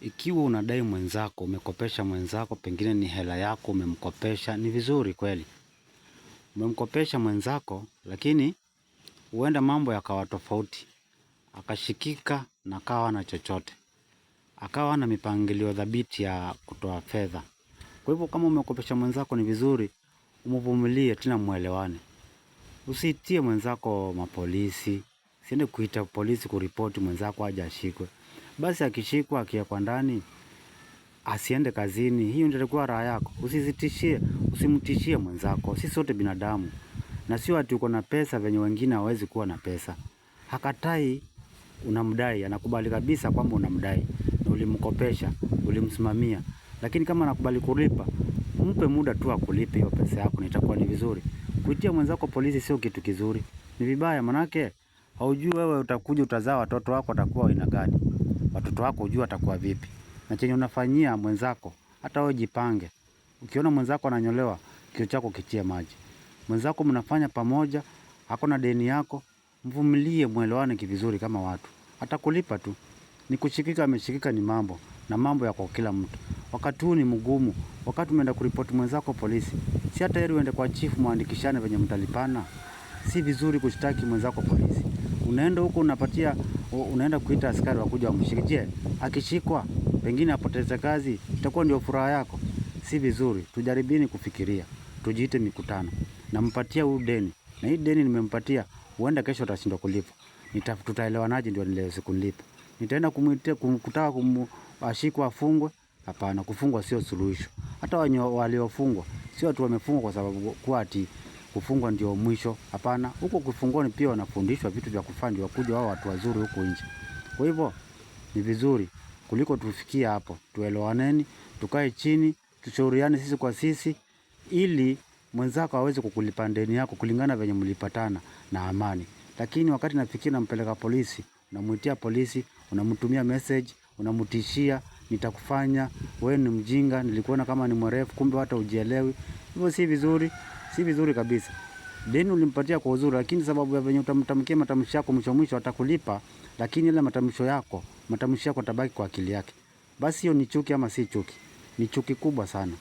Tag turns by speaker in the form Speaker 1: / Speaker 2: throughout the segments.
Speaker 1: Ikiwa unadai mwenzako, umekopesha mwenzako, pengine ni hela yako umemkopesha, ni vizuri kweli umemkopesha mwenzako, lakini huenda mambo yakawa tofauti, akashikika na kawa na chochote, akawa na mipangilio dhabiti ya kutoa fedha. Kwa hivyo kama umekopesha mwenzako, ni vizuri umvumilie, tena mwelewane, usitie mwenzako mapolisi siende kuita polisi kuripoti mwenzako aje ashikwe. Basi akishikwa akiwekwa ndani asiende kazini, hiyo ndio ilikuwa raha yako. Usizitishie, usimtishie mwenzako. Sisi sote binadamu, na sio ati uko na pesa venye wengine hawezi kuwa na pesa. Hakatai unamdai, anakubali kabisa kwamba unamdai na ulimkopesha, ulimsimamia, lakini kama anakubali kulipa, mpe muda tu akulipe hiyo pesa yako, na itakuwa ni vizuri. Kuitia mwenzako polisi sio kitu kizuri, ni vibaya manake haujui wewe utakuja utazaa watoto wako watakuwa aina gani, watoto wako hujui watakuwa vipi, na chenye unafanyia mwenzako, hata wewe jipange. Ukiona mwenzako ananyolewa, kio chako kitie maji. Mwenzako mnafanya pamoja, hako na deni yako, mvumilie, mwelewane kivizuri kama watu, atakulipa tu. Ni kushikika ameshikika ni mambo na mambo ya kwa kila mtu. Wakati huu ni mgumu, wakati umeenda kuripoti mwenzako polisi, si hata heri uende kwa chifu mwandikishane venye mtalipana. Si vizuri kushtaki mwenzako polisi unaenda huko unapatia, unaenda kuita askari wakuja wamshikije. Akishikwa pengine apoteze kazi, itakuwa ndio furaha yako. Si vizuri, tujaribini kufikiria, tujiite mikutano. Nampatia huu deni na hii deni nimempatia, huenda kesho atashindwa kulipa, tutaelewanaje? Ndio siku nilipa? nitaenda kumwitia kumkutaka kumashikwa afungwe? Hapana, kufungwa sio suluhisho. Hata waliofungwa sio watu wamefungwa kwa sababu kuwa ati kufungwa ndio mwisho. Hapana, huko kufungoni pia wanafundishwa vitu vya kufanya ndio wakuja wao watu wazuri huko nje. Kwa hivyo ni vizuri kuliko tufikia hapo, tuelewaneni, tukae chini, tushauriane sisi kwa sisi, ili mwenzako aweze kukulipa deni yako kulingana venye mlipatana na amani. Lakini wakati nafikiri nampeleka polisi, unamwitia polisi, unamtumia message, unamtishia nitakufanya wewe ni mjinga, nilikuona kama ni mrefu, kumbe hata ujielewi. Hivyo si vizuri, si vizuri kabisa. Deni ulimpatia kwa uzuri, lakini sababu ya venye utamtamkia matamshi yako, mwisho mwisho atakulipa, lakini ile matamsho yako, matamshi yako tabaki kwa akili yake. Basi hiyo ni chuki ama si chuki? Ni chuki kubwa sana.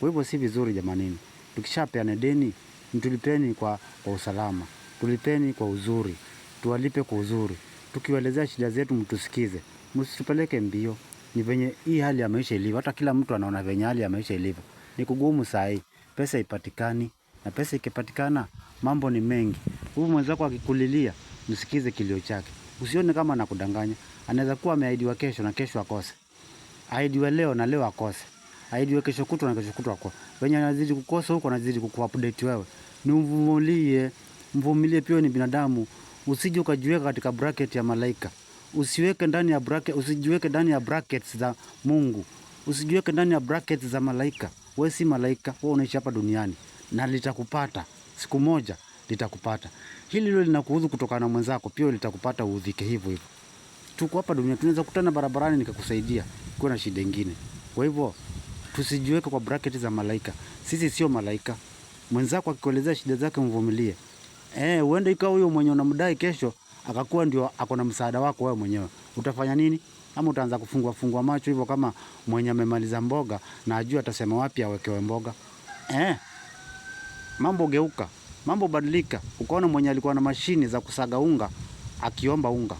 Speaker 1: Kwa hivyo si vizuri jamanini. Tukishapeana deni, mtulipeni kwa, kwa usalama, tulipeni kwa uzuri, tuwalipe kwa uzuri. Tukiwaelezea shida zetu, mtusikize, msitupeleke mbio ni venye hii hali ya maisha ilivyo. Hata kila mtu anaona venye hali ya maisha ilivyo, ni kugumu saa hii, pesa ipatikani, na pesa ikipatikana mambo ni mengi. Huyu mwenzako akikulilia, msikize kilio chake, usione kama anakudanganya. Anaweza kuwa ameahidiwa kesho na kesho akose, ahidiwe leo na leo akose, ahidiwe kesho kutwa na kesho kutwa akose. Venye anazidi kukosa huko, anazidi kukuupdate wewe. Ni mvumilie, mvumilie, pia ni binadamu, usije ukajiweka katika bracket ya malaika usiweke ndani ya bracket, usijiweke ndani ya brackets za Mungu, usijiweke ndani ya brackets za malaika. Wewe si malaika, wewe unaishi hapa duniani na litakupata siku moja, litakupata hili lilo linakuhusu kutokana na mwenzako, pia litakupata uudhike hivyo hivyo. Tuko hapa duniani, tunaweza kutana barabarani nikakusaidia kwa na shida nyingine. Kwa hivyo tusijiweke kwa bracket za malaika, sisi sio malaika. Mwenzako akikuelezea shida zake mvumilie. Eh, uende ikawa huyo mwenye unamdai kesho akakuwa ndio ako na msaada wako wewe mwenyewe, utafanya nini? Ama utaanza kufungua fungua macho hivyo, kama mwenye amemaliza mboga na ajua atasema wapi awekewe mboga eh? Mambo geuka, mambo badilika. Ukaona mwenye alikuwa na mashini za kusaga unga akiomba unga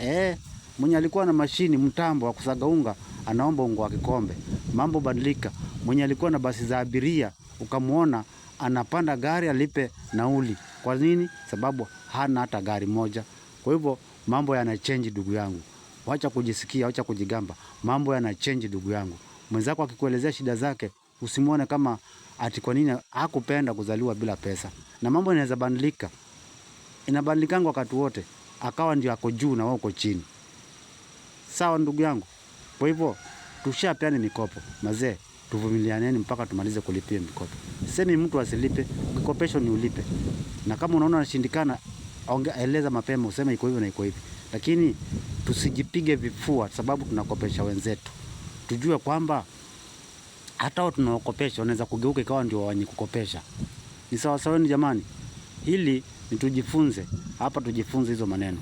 Speaker 1: eh, mwenye alikuwa na mashini mtambo wa kusaga unga anaomba unga wa kikombe. Mambo badilika. Mwenye alikuwa na basi za abiria ukamwona anapanda gari alipe nauli. Kwa nini? Sababu hana hata gari moja. Kwa hivyo mambo yana change ndugu yangu, wacha kujisikia, wacha kujigamba, mambo yana change ndugu yangu. Mwenzako akikuelezea shida zake usimwone kama ati kwa nini hakupenda kuzaliwa bila pesa, na mambo yanaweza badilika, inabadilikanga wakati wote, akawa ndio ako juu na wewe uko chini. Sawa ndugu yangu, kwa hivyo tushapeane mikopo mazee, tuvumilianeni mpaka tumalize kulipia mikopo. Semi mtu asilipe, mikopesho ni ulipe, na kama unaona anashindikana onge, eleza mapema useme iko hivyo na iko hivi, lakini tusijipige vifua sababu tunakopesha wenzetu. Tujue kwamba hata wao tunawakopesha wanaweza kugeuka ikawa ndio wenye kukopesha. Ni sawa sawa, ni jamani, hili ni tujifunze hapa, tujifunze hizo maneno.